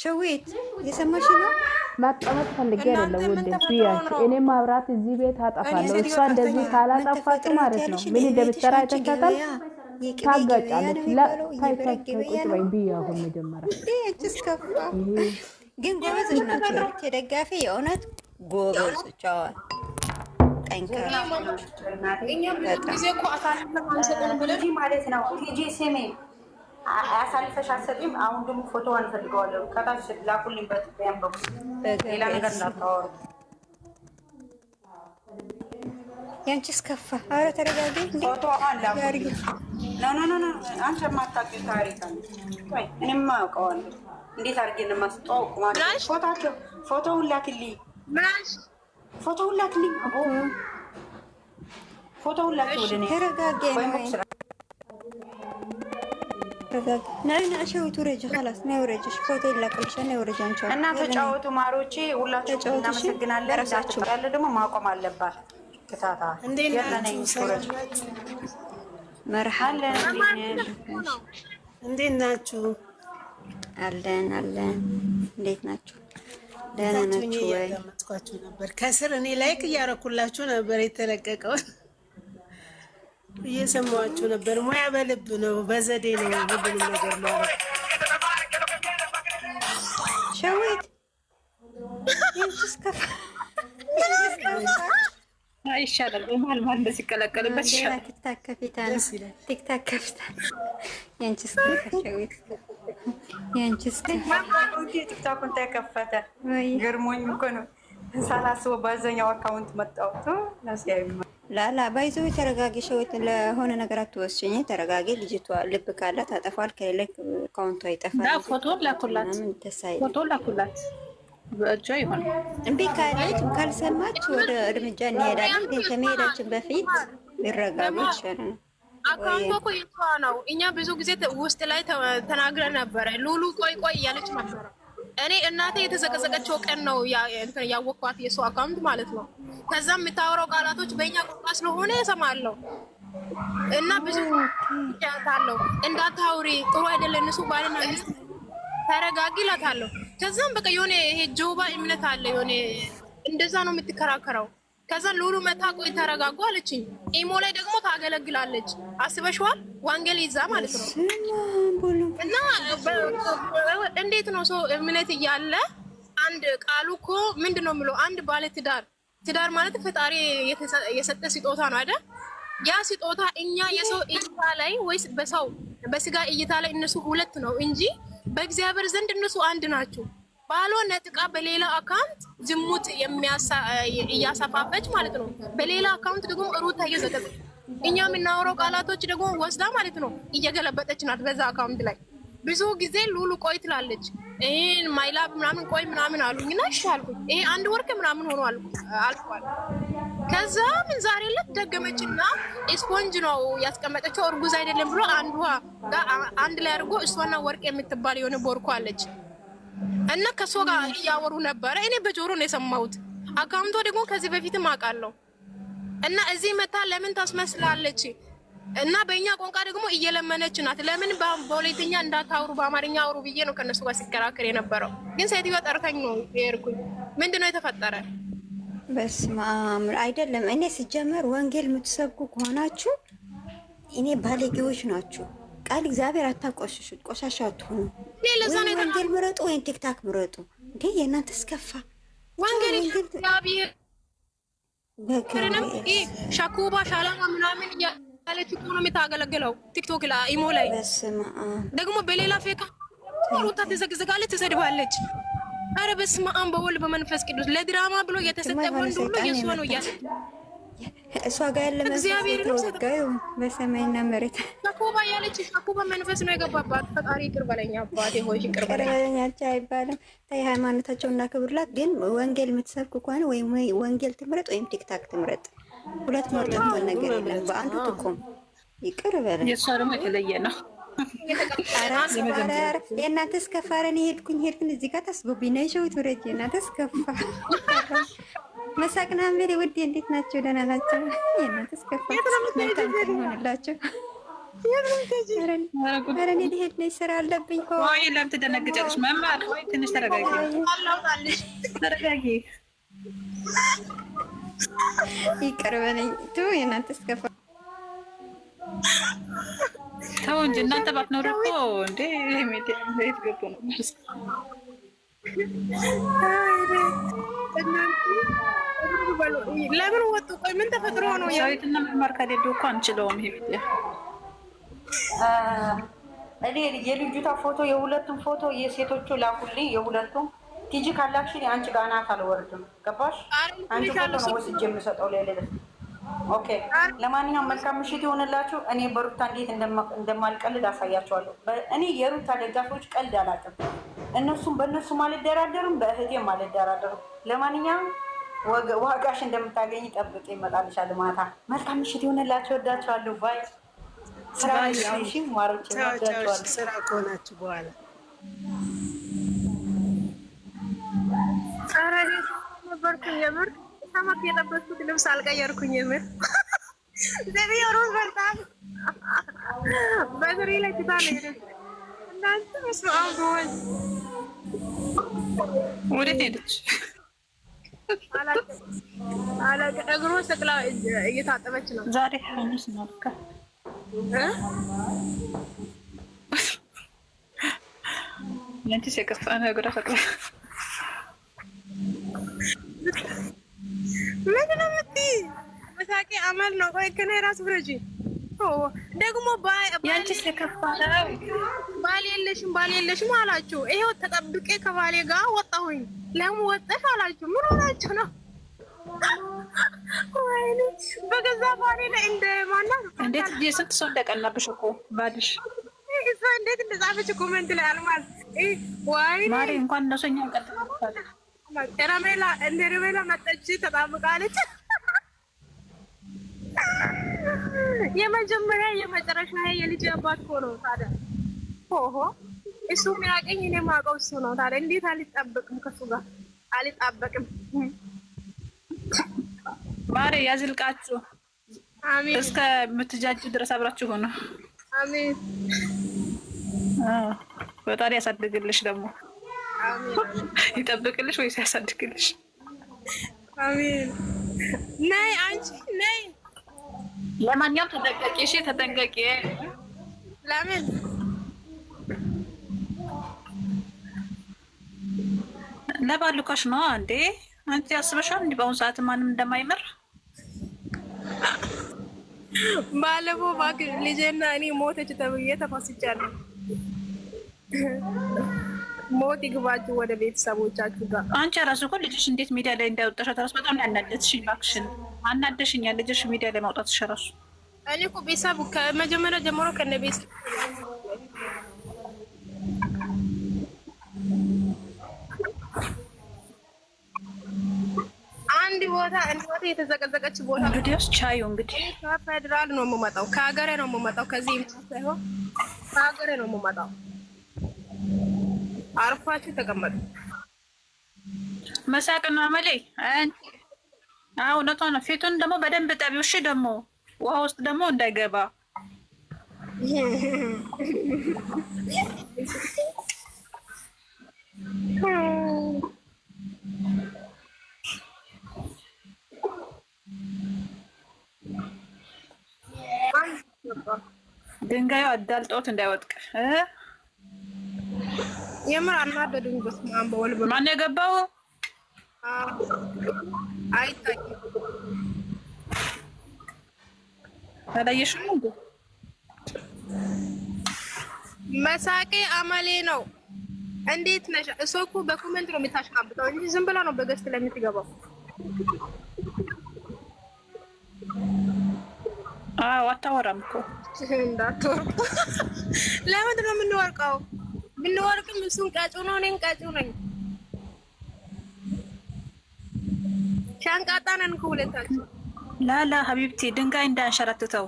ሸዊት የሰማሽ ነው። ማጣመጥ ፈልጌ አይደለም ውዴ ብያቸው። እኔ ማብራት እዚህ ቤት አጠፋለሁ። እሷ እንደዚህ ካላጠፋች ማለት ነው ምን እንደምትሰራ አይተካታል። ታጋጫለች። ታይ ታይ ቁጭ መጀመሪያ ግን ጎበዝ ናቸው። የደጋፊ የእውነት ጎበዞች አዋል ጠንካራ ጊዜ ኳታ ማለት ነው ጄ ሴሜ አያሳልፈሽ አትሰጪም። አሁን ደግሞ ፎቶዋን እፈልገዋለሁ። ከታች ላኩልኝ። በትያም በኩል ሌላ ነገር እንዳታወሩ። ያንቺስ ከፋ። ኧረ ተረጋጊ። ፎቶዋን አንቺ የማታውቂው ታሪክ አለ። እኔማ አውቀዋለሁ። እንዴት አድርጌ ነው የማስታወቅ? ፎቶውን ላክልኝ። ፎቶውን ላክልኝ። ፎቶውን ላክ ወደ እኔ ተረጋጊ። ተረጋጊ። ናይ ናሸዊቱ ረጅ ላስ ናይ ውረጅሽ ፎቶ ይላቀልሻ ናይ ውረጅ አንቻ እና ተጫወቱ ማሮቼ፣ ሁላችሁ እናመሰግናለን። ራሳችሁ ያለ ደግሞ ማቆም አለባት። ክታታ መርሃለን። እንዴት ናችሁ? አለን አለን። እንዴት ናችሁ? ደህና ናችሁ ወይ? ከስር እኔ ላይክ እያረኩላችሁ ነበር የተለቀቀውን እየሰማችሁ ነበር። ሙያ በልብ ነው፣ በዘዴ ነው ሁሉንም ነገር ማለት ሸዊት ይሻላል። በመሀል መሀል እንደዚህ ይቀላቀልበት ይሻላል። ቲክታክ ከፊታ ነው፣ ቲክታክ ከፊታ ያንቺስ ከሸዊት ያንቺስ ቲክታኩን ተከፈተ ገርሞኝ እኮ ነው ሳላስበው በአብዛኛው አካውንት መጣሁት ነው ላላ ባይዞ ተረጋጊ። ሸወት ለሆነ ነገር አትወስኝ፣ ተረጋጊ። ልጅቷ ልብ ካላት ታጠፋል፣ ከሌለ ካውንቷ ይጠፋል። ፎቶ ይሆን እምቢ ካለች ካልሰማች ወደ እርምጃ እንሄዳለን። ግን ከመሄዳችን በፊት ይረጋጉ ይሻላል። አካውንቷ እኮ የእሷ ነው። እኛ ብዙ ጊዜ ውስጥ ላይ ተናግረ ነበረ። ሉሉ ቆይ ቆይ እያለች ነበረ እኔ እናቴ የተዘቀዘቀችው ቀን ነው ያወቅኳት፣ የሱ አካውንት ማለት ነው። ከዛ የምታወራው ቃላቶች በእኛ ቋንቋ ስለሆነ እሰማለሁ እና ብዙ ታለው እንዳታውሪ ጥሩ አይደለ እሱ ባልና ሚስት ተረጋጊ ላታለሁ። ከዛም በቃ የሆነ ይሄ ጆባ እምነት አለ የሆነ እንደዛ ነው የምትከራከረው ከዛ ሉሉ መታ ቆይ ተረጋጉ አለችኝ። ኢሞ ላይ ደግሞ ታገለግላለች። አስበሽዋል? ዋንጌል ይዛ ማለት ነው። እና እንዴት ነው ሰው እምነት እያለ አንድ ቃሉ እኮ ምንድን ነው የምለው አንድ ባለ ትዳር ትዳር ማለት ፈጣሪ የሰጠ ስጦታ ነው አይደል? ያ ስጦታ እኛ የሰው እይታ ላይ ወይስ በሰው በስጋ እይታ ላይ እነሱ ሁለት ነው እንጂ በእግዚአብሔር ዘንድ እነሱ አንድ ናቸው። ባሎ ነጥቃ በሌላ አካውንት ዝሙት እያሰፋፈች ማለት ነው። በሌላ አካውንት ደግሞ ሩታ እየዘገበ እኛ የምናወረው ቃላቶች ደግሞ ወስዳ ማለት ነው እየገለበጠች ናት። በዛ አካውንት ላይ ብዙ ጊዜ ሉሉ ቆይ ትላለች፣ ይህን ማይላብ ምናምን ቆይ ምናምን አሉኝ እና እሺ አልኩኝ። ይሄ አንድ ወርክ ምናምን ሆኖ አልኳል። ከዛ ምን ዛሬ ለት ደገመች እና ስፖንጅ ነው ያስቀመጠችው እርጉዝ አይደለም ብሎ አንዷ አንድ ላይ አድርጎ እሷና ወርቅ የምትባል የሆነ ቦርኮ አለች እና ከእሷ ጋር እያወሩ ነበረ። እኔ በጆሮ ነው የሰማሁት። አካውንቷ ደግሞ ከዚህ በፊትም አውቃለሁ። እና እዚህ መታ ለምን ታስመስላለች? እና በእኛ ቋንቋ ደግሞ እየለመነች ናት። ለምን በሁለተኛ እንዳታውሩ በአማርኛ አውሩ ብዬ ነው ከነሱ ጋር ሲከራከር የነበረው። ግን ሴትዮዋ ጠርታኝ ነው የሄድኩኝ። ምንድነው የተፈጠረ? በስመ አብ አይደለም። እኔ ስጀመር ወንጌል የምትሰብኩ ከሆናችሁ እኔ ባለጌዎች ናችሁ። ቃል እግዚአብሔር አታቆሽሹ፣ ቆሻሻ አትሆኑ። ወንጌል ምረጡ ወይም ቲክታክ ምረጡ። እንዴ የእናንተ እስከፋ ወንጌል ሻኩባ ሻላማ ምናምን እያለች እኮ ነው የምታገለግለው። ቲክቶክ ላይ ኢሞ ላይ ደግሞ በሌላ ፌካ ሩታ ትዘግዝጋለች፣ ትሰድባለች። ኧረ በስመ አብ በወልድ በመንፈስ ቅዱስ ለድራማ ብሎ የተሰጠ ወንድ ሁሉ የእሱ ነው እያለ እሷ ጋር ያለ እግዚአብሔር ነው ሰጠው። በሰማይና መሬት ያኮባ ያለች ያኮባ መንፈስ ነው የገባባት። ፈጣሪ ይቅር በለኝ አባቴ ሆይ ይቅር በለኝ አቻ አይባልም። ታይ ሃይማኖታቸውን እናክብርላት። ግን ወንጌል የምትሰብክ ከሆነ ወይም ወንጌል ትምረጥ ወይም ቲክታክ ትምረጥ። ሁለት መርጠት ነገር የለም። በአንዱ ጥቁም ይቅር በለኝ። የእሷ ደግሞ የተለየ ነው። የእናንተ እስከፋረን የሄድኩኝ ሄድኩኝ እዚህ ጋር ታስቦብኝ ነው የሸውት የእናንተ እስከፋ መሳቅና አንበሌ ውዴ እንዴት ናቸው? ደህና ናቸው። የእናንተ እስከፋ ስራ አለብኝ። ትደነግጫለሽ። መማር ትንሽ ተረጋጊ፣ ተረጋጊ። ይቅር በለኝ። ተው እንጂ እናንተ ባትኖር እኮ ነው ለምን ወጡ? ቆይ ምን ተፈጥሮ ነው? ያዊትና መማር ከሌለ እኮ አንችለውም። ሄድ እኔ የልጅቷ ፎቶ የሁለቱም ፎቶ የሴቶቹ ላኩልኝ። የሁለቱም ቲጂ ካላክሽን የአንቺ ጋር አልወርድም። ገባሽ? አንቺ ፎቶ ነው ወስጄ የምሰጠው ለሌለ ኦኬ። ለማንኛውም መልካም ምሽት ይሆንላችሁ። እኔ በሩታ እንዴት እንደማልቀልድ አሳያቸዋለሁ። እኔ የሩታ ደጋፊዎች ቀልድ አላውቅም። እነሱም በእነሱም አልደራደርም፣ በእህቴም አልደራደርም። ለማንኛውም ዋጋሽ እንደምታገኝ ጠብቅ። ይመጣልሻል ማታ። መልካም ምሽት ይሆንላችሁ። ወዳችኋለሁ። ባይ ስራ ሺ ማሮች ስራ ከሆናችሁ በኋላ ነበርኩኝ የምር ሰማክ የለበስኩት ልብስ አልቀየርኩኝ የምር ዘቢዮ ሩዝ በልታል ላይ ትታ ነው ሄደች። እናንተ ስበአሁ ወዴት ሄደች? እግሩ ስቅላ እየታጠበች ነው። ዛሬ ሐሙስ ነው። ነው። እግሯ ነው የምትይ? መሳቂ አመል ነው። ቆይ ከእኔ ራስ ብረጂ ደግሞ ባል የለሽም አላችሁ። ይሄው ተጠብቄ ከባሌ ጋር ወጣሁኝ። ለምወጥፍ አላችሁ ምን ሆናችሁ ነው? ወይኔ በገዛ ባሌ ላይ እንደ ማናት እንዴት ሰው እንደቀናብሽ እኮ ባልሽ እንዴት እንደጻፈች ኮመንት ላይ አልማዝ ወይኔ ማሪ እንኳን እነሱ እኛ ረሜላ እንደ ረሜላ መጠች ተጣምቃለች። የመጀመሪያ የመጨረሻ የልጅ አባት እኮ ነው ታዲያ ሆሆ እሱ የሚያቀኝ እኔ ማውቀው እሱ ነው። ታዲያ እንዴት አልጠበቅም? ከሱ ጋር አልጣበቅም? ማሬ ያዝልቃችሁ፣ እስከ ምትጃጁ ድረስ አብራችሁ ሆነ። አሜን። በጣም ያሳድግልሽ፣ ደግሞ ይጠብቅልሽ ወይስ ያሳድግልሽ? አሜን። ነይ አንቺ ነይ። ለማንኛውም ተጠንቀቂ፣ እሺ ተጠንቀቂ። ለምን ለባልኮሽ ነው እንዴ? አንቺ አስበሻል እንዲ በአሁኑ ሰዓት ማንም እንደማይምር ባለፈው እባክሽ ልጄና እኔ ሞተች ተብዬ ተፋስቻለሁ። ሞት ይግባችሁ ወደ ቤተሰቦቻችሁ ጋር። አንቺ ራሱ እኮ ልጅሽ እንዴት ሚዲያ ላይ እንዳይወጣሽ ራሱ በጣም ያናደድሽኝ። እባክሽን አናደሽኛል። ልጅሽ ሚዲያ ላይ ማውጣትሽ ራሱ እኔ እኮ ቤተሰብ ከመጀመሪያ ጀምሮ ከነ ቤተሰብ ቦታ እናቴ የተዘቀዘቀች ቦታ እንግዲህ ቻዩ እንግዲህ ከፌደራል ነው የምመጣው፣ ከሀገሬ ነው የምመጣው፣ ከዚህ ሳይሆን ከሀገሬ ነው የምመጣው። አርፋችሁ ተቀመጡ። ነው አመሌ። መሌ እውነቷ ነው። ፊቱን ደግሞ በደንብ ጠቢው። እሺ ደግሞ ውሃ ውስጥ ደግሞ እንዳይገባ ድንጋዩ አዳልጦት እንዳይወጥቅ የምር አናደዱኝ። በስመ አብ ወወልድ ማን የገባው አይታይ ተለየሽም እንዴ? መሳቄ አመሌ ነው። እንዴት ነሽ? እሶኩ በኮመንት ነው የምታሽቃብጠው እንጂ ዝም ብላ ነው በገስት ለምትገባው አታወራም እኮ እንዳትወርቁ። ለምንድን ነው የምንወርቀው? ብንወርቅም እሱን ቀጩ ነው፣ እኔም ቀጩ ነኝ። ሻንቃጣ ነን እኮ ሁለታችን። ላላ ሀቢብቲ ድንጋይ እንዳያንሸራትተው።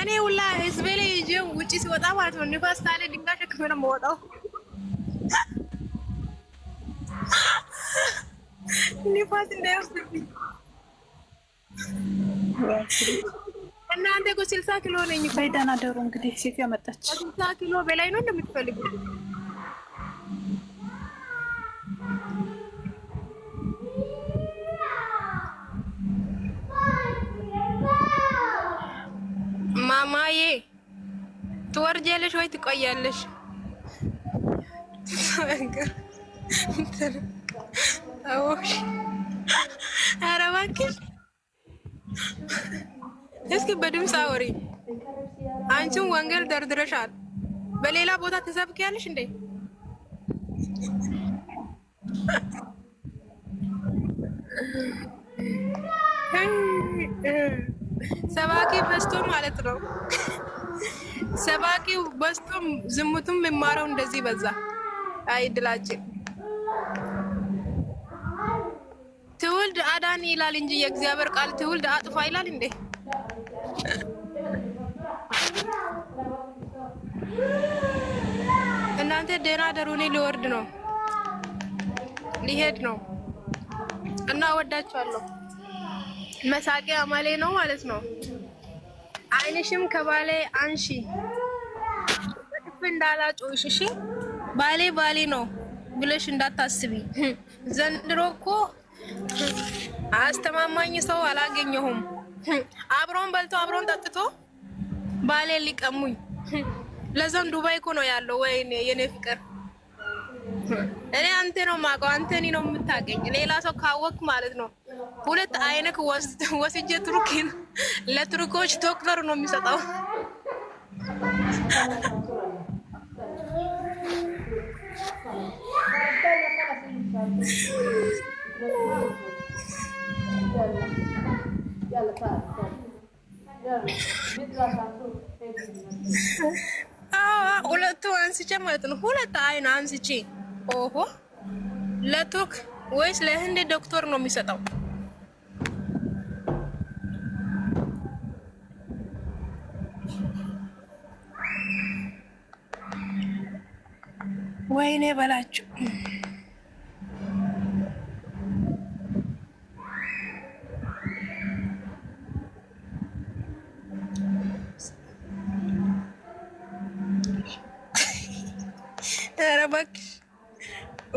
እኔ ሁላ ህዝቤ ላይ ይዤው ውጭ ሲወጣ ማለት ነው ንፋስ ካለ ድንጋይ ሸክሜ ነው የምወጣው። ንፋስ እንዳይወስድብኝ እናንተ እኮ ስልሳ ኪሎ ነኝ። ደህና ደሩ። እንግዲህ ሴት ያመጣች ስልሳ ኪሎ በላይ ነው እንደምትፈልጉ ማማዬ ትወርጃለሽ ወይ ትቆያለሽ? ኧረ እስኪ በድምፅ አውሪ። አንቺን ወንጌል ደርድረሻል። በሌላ ቦታ ትሰብኪያለሽ እንዴ? ሰባኪ በስቶ ማለት ነው። ሰባኪ በስቶ ዝሙቱም የሚማረው እንደዚህ በዛ። አይ ትውልድ አዳን ይላል እንጂ የእግዚአብሔር ቃል ትውልድ አጥፋ ይላል እንዴ? እናንተ ደህና ደሩ። እኔ ሊወርድ ነው ሊሄድ ነው እና ወዳችኋለሁ። መሳቂያ አማሌ ነው ማለት ነው። አይንሽም ከባሌ አንሺ ጥፍ እንዳላጮሽ እሺ። ባሌ ባሌ ነው ብለሽ እንዳታስቢ። ዘንድሮ እኮ አስተማማኝ ሰው አላገኘሁም። አብሮን በልቶ አብሮን ጠጥቶ ባሌ ሊቀሙኝ ለዛም ዱባይ እኮ ነው ያለው። ወይኔ የኔ ፍቅር እኔ አንተ ነው የማውቀው፣ አንተ እኔ ነው የምታገኝ። ሌላ ሰው ካወቅ ማለት ነው ሁለት አይነት ወስጄ ቱርኪን ለቱርኮች ዶክተር ነው የሚሰጠው። ሁለቱ አንስቼ ማለት ነው። ሁለት አይን አንስቼ። ኦሆ ለቱርክ ወይስ ለህንድ ዶክተር ነው የሚሰጠው? ወይኔ በላችሁ።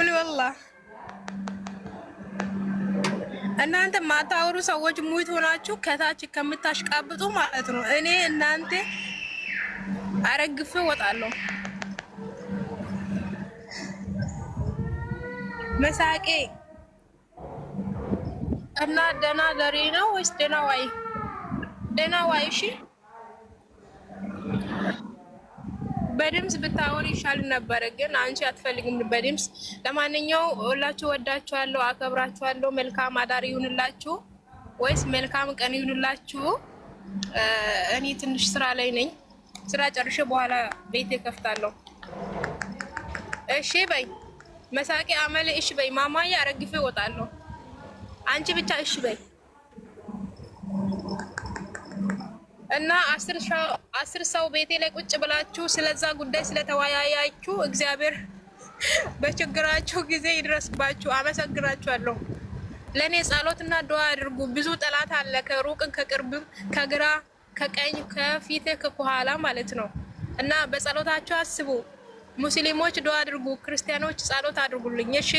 ቁል ወላሂ እናንተ ማታወሩ ሰዎች ሙት ሆናችሁ ከታች ከምታሽቃብጡ ማለት ነው። እኔ እናንተ አረግፌ እወጣለሁ። መሳቄ እና ደህና ደሬ ነው ወይስ ደህና ዋይ? ደህና ዋይ እሺ። በድምፅ ብታወሪ ይሻል ነበረ፣ ግን አንቺ አትፈልግም በድምፅ። ለማንኛው ሁላችሁ ወዳችኋለሁ፣ አከብራችኋለሁ። መልካም አዳር ይሁንላችሁ፣ ወይስ መልካም ቀን ይሁንላችሁ። እኔ ትንሽ ስራ ላይ ነኝ። ስራ ጨርሼ በኋላ ቤት ከፍታለሁ። እሺ በይ መሳቂ አመሌ። እሺ በይ ማማዬ፣ አረግፌ እወጣለሁ። አንቺ ብቻ እሺ በይ። እና አስር ሰው ቤቴ ላይ ቁጭ ብላችሁ ስለዛ ጉዳይ ስለተወያያችሁ እግዚአብሔር በችግራችሁ ጊዜ ይድረስባችሁ። አመሰግናችኋለሁ። ለእኔ ጸሎትና ዱዓ አድርጉ። ብዙ ጠላት አለ፣ ከሩቅን፣ ከቅርብም፣ ከግራ ከቀኝ፣ ከፊት ከኋላ ማለት ነው እና በጸሎታችሁ አስቡ። ሙስሊሞች ዱዓ አድርጉ፣ ክርስቲያኖች ጸሎት አድርጉልኝ እሺ።